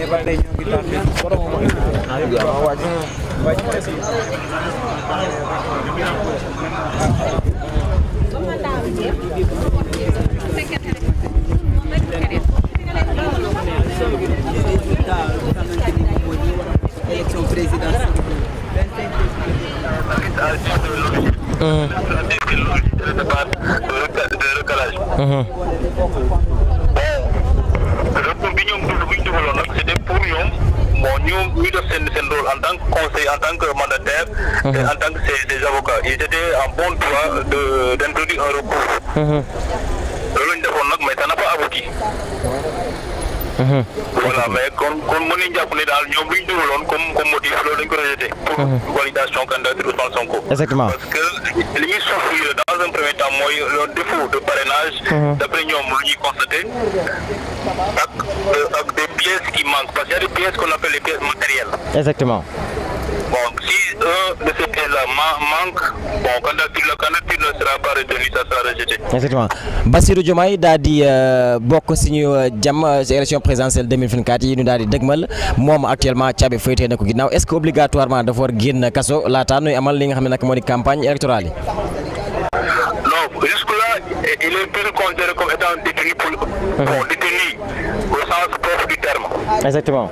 mais ba tey ñoo ngi tax élection présidentielle. bon ñu ñu def seen seen rôle en tan que conseil en tant que mandataire. Mhm. en tant que des avocats ils étaient en bon droit de d'introduire un recours. Mhm. loolu ñu defoon nag mais ça n'a pas abouti. Mhm. voilà mais kon kon mën nañu jàpp ne daal ñoom bu ñu dugaloon comme comme motif loolu dañ ko rejeté. pour validation candidature Ousmane Sonko. exactement dans un premier temps mooy le défaut de parrainage. Mhm. d'après ñoom lu ñuy constater ak euh, ak des pièces qui parce qu'il y a des pièces qu'on appelle les pièces matérielles. exactement. bon si de ces pièces-là manque bon candidature la candidature ne sera pas retenue ça exactement Bassirou Diomaye daal di euh, bokk si ñu euh, jàmm élection présidentielle 2024 yi ñu daal di dëgmal moom actuellement caabi féetee na ko ginnaaw est-ce que obligatoirement dafa war génn kaso laataa nuy amal li nga xam ne nag moo di campagne électorale yi. il est plus considéré comme étant détenu pour bon au sens propre du terme. exactement.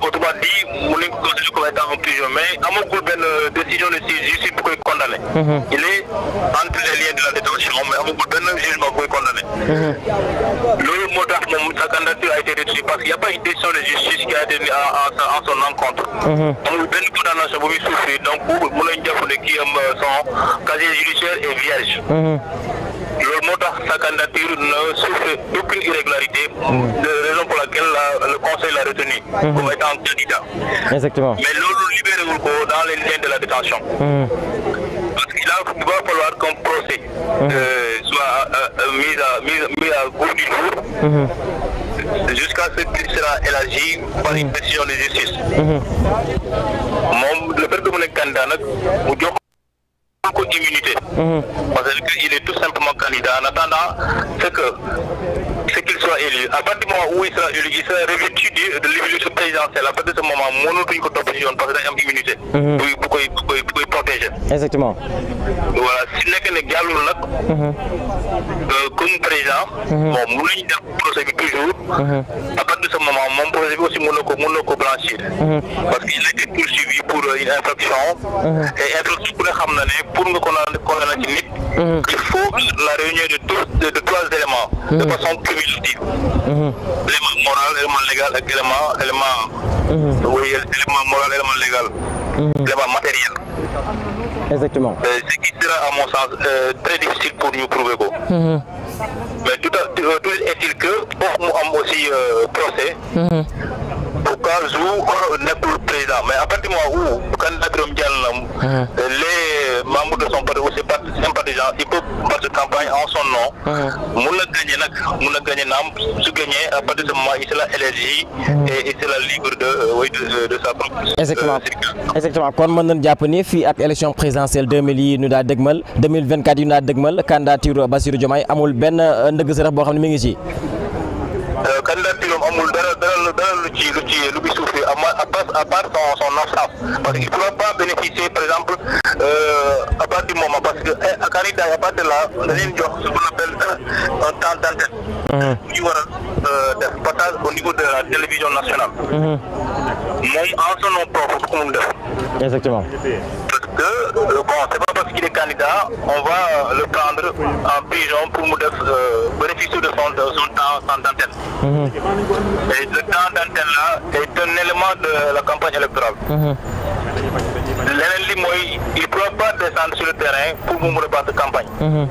autrement dit mu nañ comme étant en prison mais amagul benn euh, décision de justice condamné. Mhm. il est entre les liens de la détention mais amagul benn jugement bu koy condamné. Mhm. loolu moo tax moom sa candidature a été retenue parce que y' a pas une décision de justice qui a été en son encontre. Mhm. amul benn condamnation bu muy souffrir donc mën nañu jàpp ne kii am euh, son casier judiciaire est vierge. loolu moo tax sa candidature ne souffre aucune irrégularité. raison pour laquelle la, le conseil l'a retenu. Mmh. comme étant candidat. exactement mais loolu ko dans donc il va falloir qu'un procès mhm. euh, soit euh, euh, mis, à, mis, mis du jour mhm. jusqu'à ce qu'il sera élargi par une décision mhm. de justice. moom le fait que mu candidat nag mu jox ko immunité. parce que il est tout simplement candidat en attendant c'est que ce qu'il soit élu à partir moment où il sera élu il sera revêtu de l'immunité présidentielle à de ce moment mënatuñ ko topp ci yoon parce que day am immunité. bu koy bu koy protéger. exactement. voilà si nekk nag jàllul nag. Mhm. Euh, comme président. Mhm. bon mënuñ def procès bi toujours. Mhm. à de ce moment moom procès aussi mën na ko mën na ko blanchir. parce il a poursuivi pour euh, une infraction. et infraction ku ne xam ne pour nga condamner condamner il faut la réunion de tous de, de éléments. de façon cumulative. élément moral élément légal ak élément élément. élément moral élément légal. Mhm. là-bas matériel. Exactement. Euh, ce qui sera à mon sens euh, très difficile pour ñu prouver ko. Mhm. Mais euh, tout, est-il que am aussi euh, procès. Mhm. cas où président mais à partir du moment où candidat Birame hmm. les membres de son parti ou ses sympathisants ils peuvent battre campagne en son nom hmm. mun na gagné nag mun na gagné naam su gagné à partir de ce moment il sera élargi hmm. libre euh, de de sa propre euh, exactement exactement kon mën nañ jàpp ni fii ak élection présidentielle 2000 yi ñu daa dëgmal 2024 yi ñu daa dëgmal candidature Bassirou Diomaye amul benn euh, ndëgg sërëx boo xam ne mi ngi si lu ci lu muy souffrir à part à part son son ensemble parce qu'il ne pas bénéficier par exemple euh, à partir du moment parce que eh, à Canada à partir de là da leen jox ce qu'on temps d'antenne. ñu war a euh, partage au niveau de la télévision nationale. moom en propre ku mu def. exactement. que bon c'est pas parce qu'il est candidat on va euh, le prendre en pigeon pour mu def euh, de son de son temps son temps mhm. et le temps d'antenne là est un élément de la campagne électorale. Mm -hmm. leneen il ne pas descendre sur le terrain pour mu mën a battre campagne. Mhm.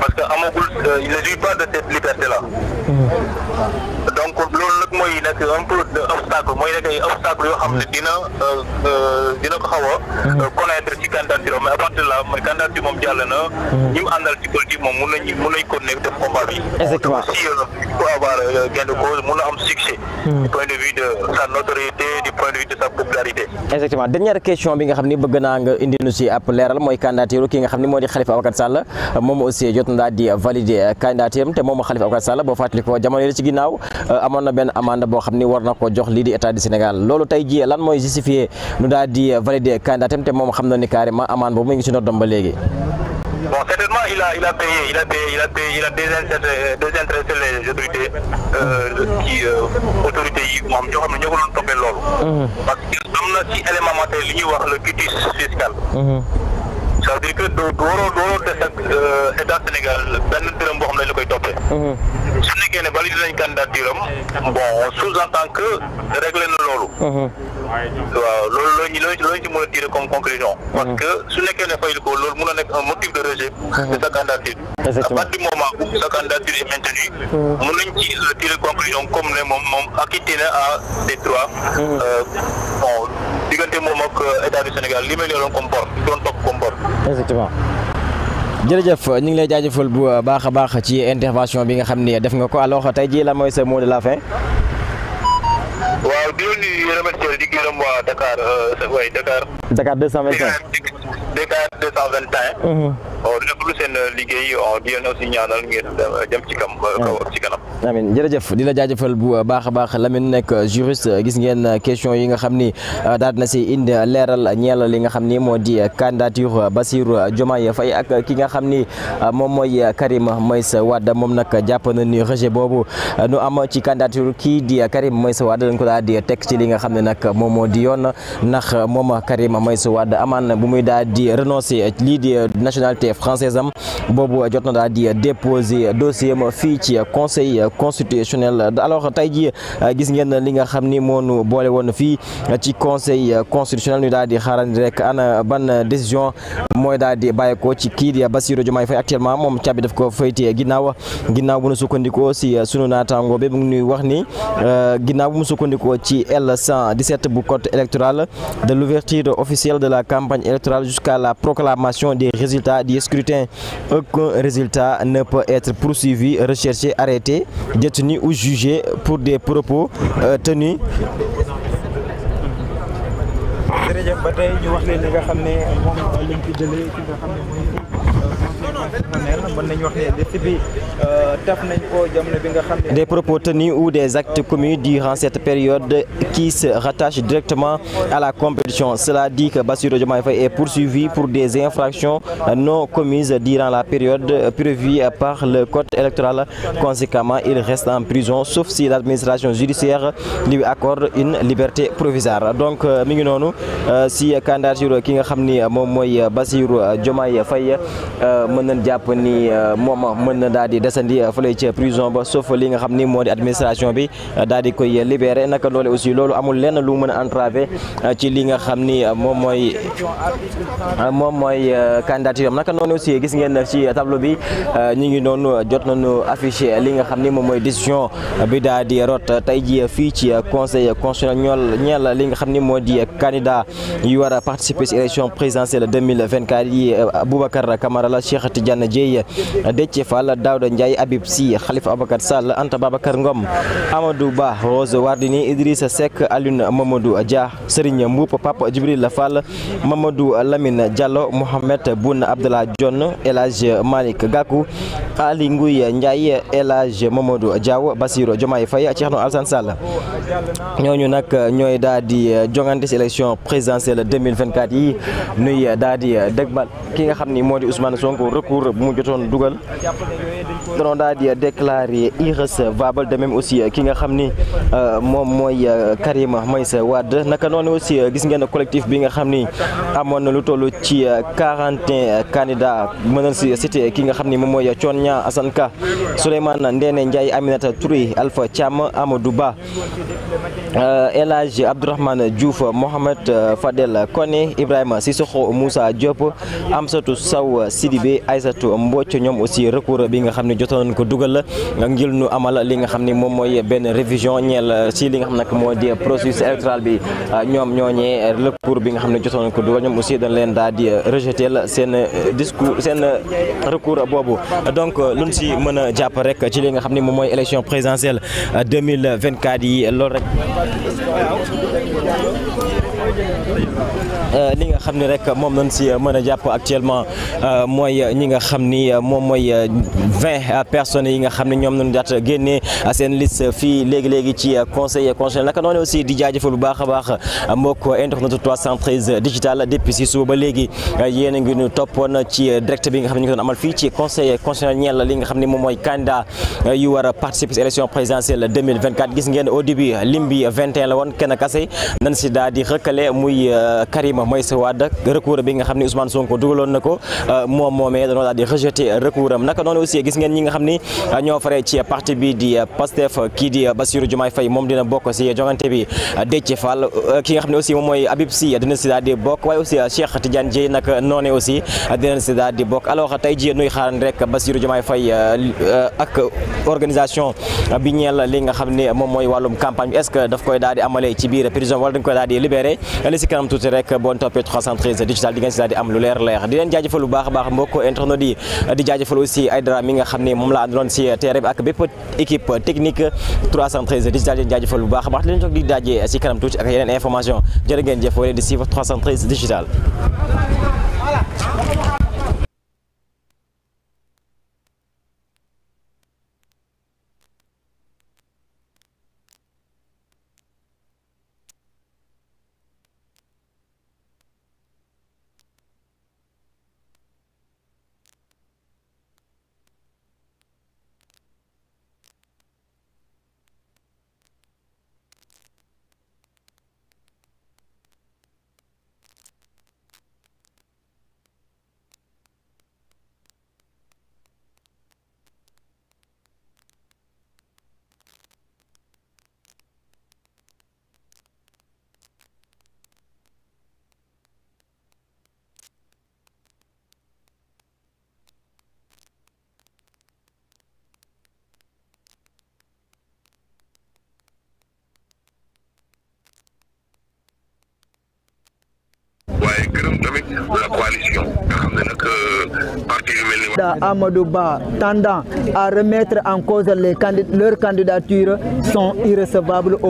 parce que amagul euh, il ne jouit pas de cette liberté là. Mhm. donc loolu nag mooy nekk un peu de obstacle mooy nekk ay obstacle yoo xam ne dina euh, euh, dina ko xaw a mhm. euh, connaître ci candidature mais à partir de là mooy candidature moom na. Hmm. ñi mu àndal ci politique moom mun nañu mun nañu continuer def combat bi. exactement si pour euh, avoir euh, gain de cause mun na am hmm. bi nga xam ni bëgg naa nga indi nu si ab leeral mooy candidature ki nga xam ni moo di Khalifa Abacar Sall moom aussi jot na daal di valider candidature te moom Khalifa Abacar Sall boo fàttali ko jamono yi ci ginnaaw euh, amoon na benn amende boo xam ni war na ko jox lii di état du Sénégal loolu tey jii lan mooy justifier nu daal di valider te moom xam na ni carrément amende boobu mu ngi si noddam ba léegi. bon certainement il a il a payé il a payé il a payé il a désintéressé les autorités ci euh, euh, autorités yi moom ñoo xam ne ñoo ko doon toppee mhm. parce que am na ci élément matériel li ñuy wax le quitus fiscal. Mhm. ça veut dire que doo waroo waroo des ak euh, Sénégal benn dërëm boo xam ne la koy toppee. Mhm. su nekkee ne validé nañ candidature am bon on sous-entend que réglé na loolu. Mhm. waaw loolu la loolu la ñu ci mën a tirer comme conclusion. Mhm. parce que su nekkee ne fayal ko loolu mun a nekk un motif de rejet. de sa candidature. exactement à partir du sa candidature est maintenue. mun nañ ci euh, tirer conclusion comme ne moom moom acquitté na à des droits. Euh, bon diggante moom ak état du Sénégal li mel effectivement jërëjëf ñu ngi lay jaajëfal bu baax a baax ci intervention bi nga xam ni def nga ko alors tey jii la mooy sa mot de la fin. waaw di leen di remercier di gërëm waa Dakar euh, waay Dakar. Dakar 225. Dakar 221. on déglu seen liggéey on oh, di leen aussi ñaanal ngeen dem ci kam kaw ci kanam. amin jërëjëf di la jaajëfal bu baax a baax Lamine nekk juriste gis ngeen question yi nga xam ni euh, daal na si indi leeral ñeel li nga xam ni moo di candidature Bassirou Diomaye Faye ak ki nga xam ni euh, moom mooy Karim Meïssa Wade moom nag jàpp na ni rejet boobu euh, nu am ci candidature kii di Karim Meïssa Wade dañ ko daal di teg ci li nga xam ne nag moom moo di yoon ndax moom Karim Meïssa Wade amaan bu muy daal di renoncer lii di nationalité française am boobu jot na daal di déposer dossier am fii ci conseil constitutionnel alors tey jii euh, gis ngeen li nga xam ni moonu boole woon fii ci conseil euh, constitutionnel ñu daal di xaarandi rek ana ban décision mooy daal di bàyyeekoo ci kii di Bassirou Diomaye Faye actuellement moom caabi daf ko fayte ginnaaw ginnaaw bu nu sukkandikoo si euh, sunu naataango bi mu ngi wax ni ginnaaw bu mu sukkandikoo ci L117 bu code électoral de l'ouverture officielle de la campagne électorale jusqu'à la proclamation des résultats du scrutin aucun résultat ne détenus ou jugés pour des propos euh, tenus jërëjëf ba tey ñu wax leen li nga xam ne moom lañ fi jëlee ki nga xam ne mooy mën nañu wax ne défi bi euh, taf nañ ko jamono bi nga xam ne. des propos tenus ou des actes commis durant cette période qui se rattachent directement à la compétition cela dit que Bassirou Diomaye Faye est poursuivi pour des infractions non commises durant la période prévue par le code électoral conséquemment il reste en prison sauf si l'administration judiciaire lui accorde une liberté provisoire donc euh, mi ngi noonu. Euh, si candidature ki nga xam ni moom mooy euh, Bassirou euh, Diomaye Faye mën nañ jàpp ni moom mën na daal di desandi fële ca prison ba sauf li nga xam ni moo di administration bi daal di koy libéré naka loole aussi loolu amul lenn lu mën a entravé ci li nga xam ni moom mooy moom mooy candidature am naka noonu aussi gis ngeen ci tableau bi ñu ngi noonu jot nañu affiché li nga xam ni moom mooy décision bi daal di rot tey ji fii ci conseil constitutionnel ñeel li nga xam ni moo di candidat yu war a participer si élection présidentielle 2024 yi euh, Boubacar Camara la Cheikh Tidiane Dieye Déthié Fall Daouda Ndiaye Habib Sy Khalifa Ababacar Sall Anta Babacar Ngom Amadou Ba Rose Wardini Idrissa Seck Alioune Mamadou Dia Serigne Mboup Pape Djibril Fall Mamadou Lamine Diallo Mohamed Boun Abdallah Dionne El Hadj Malick Gakou Ali Nguy Ndiaye El Hadj Mamadou Diaw Bassirou Diomaye Faye Thierno Alassane Sall ñooñu nag ñooy daal di euh, jongante si élection présidentielle 2024 yi nuy daal di dëgmal ki nga xam ni moo di Ousmane Sonko recours bu mu jotoon dugal doon daal di déclaré irrecevable de aussi ki nga xam ni euh, moom mooy euh, Karim Meïssa Wade naka noonu aussi euh, gis ngeen collectif bi nga xam ni amoon na lu toll ci 41 candidats mënal si cité ki nga xam ni moom mooy Thione Niang Assane Ka Souleymane Ndéné Ndiaye Aminata Touré Alpha Thiam Amadou El Hadj Abdourahmane Diouf Mohamed Fadel Koné Ibrahima Sissoko Moussa Diop Amsatou Sow Sidibé Aïssatou Mbocc ñoom aussi recours bi nga xam ne na ko dugal ngir nu amal li nga xam ni moom mooy benn révision ñeel si li nga xam nag moo di processus électoral bi ñoom ñooñee recours bi nga xam ne jotoon ko dugal ñoom aussi dañ leen daal di la seen discours seen recours boobu donc luñ si mën a jàpp rek ci li nga xam ne moom mooy élection présidentielle 2024 yi loolu rek li euh, nga xam ni rek moom lañ si mën a jàpp actuellement euh, mooy ñi nga xam ni euh, moom mooy vingt personnes yi nga xam ni ñoom lañ daat génnee seen liste fii léegi-léegi ci conseil constitutionnel naka noonu aussi di jaajëfal bu baax a baax mbokk internet 313 digital depuis si suba ba léegi yéen a ngi ñu toppoon ci direct bi nga xam ne ñu ngi fii ci conseil constitutionnel ñeel li nga xam ni moom mooy candidat yu war a participer si élection présidentielle gis ngeen au rëkkale muy di euh, Karima Meïssa Wade recours bi nga xam ne Ousmane Sonko dugaloon na ko euh, moom euh, kii di moom dina bokk si jongante bi Déthié Fall ki dina si daal di bokk waaye aussi Cheikh Tidiane Dièye nag noonee aussi dina si daal di bokk alors tey jii nuy xaaran rek Bassirou Diomaye Faye ak organisation bi ñeel li nga xam ni moom mooy wàllum campagne bi est-ce que daf koy daal di ci biir prison wala dañ koy daal di libéré kanam tuuti rek boon toppee digital di ngeen am lu leer leer di leen jaajëfal bu baax baax mbokk internet yi di jaajëfal aussi Aïdara mi nga xam ne moom la àndaloon si terrain bi ak bépp équipe technique digital di leen jaajëfal bu baax baax di leen kanam tuuti ak yeneen information jërë ngeen jëf wala di suivre digital la coalition nga xam ne euh, tendant à remettre en cause leurs candidatures sont irrecevables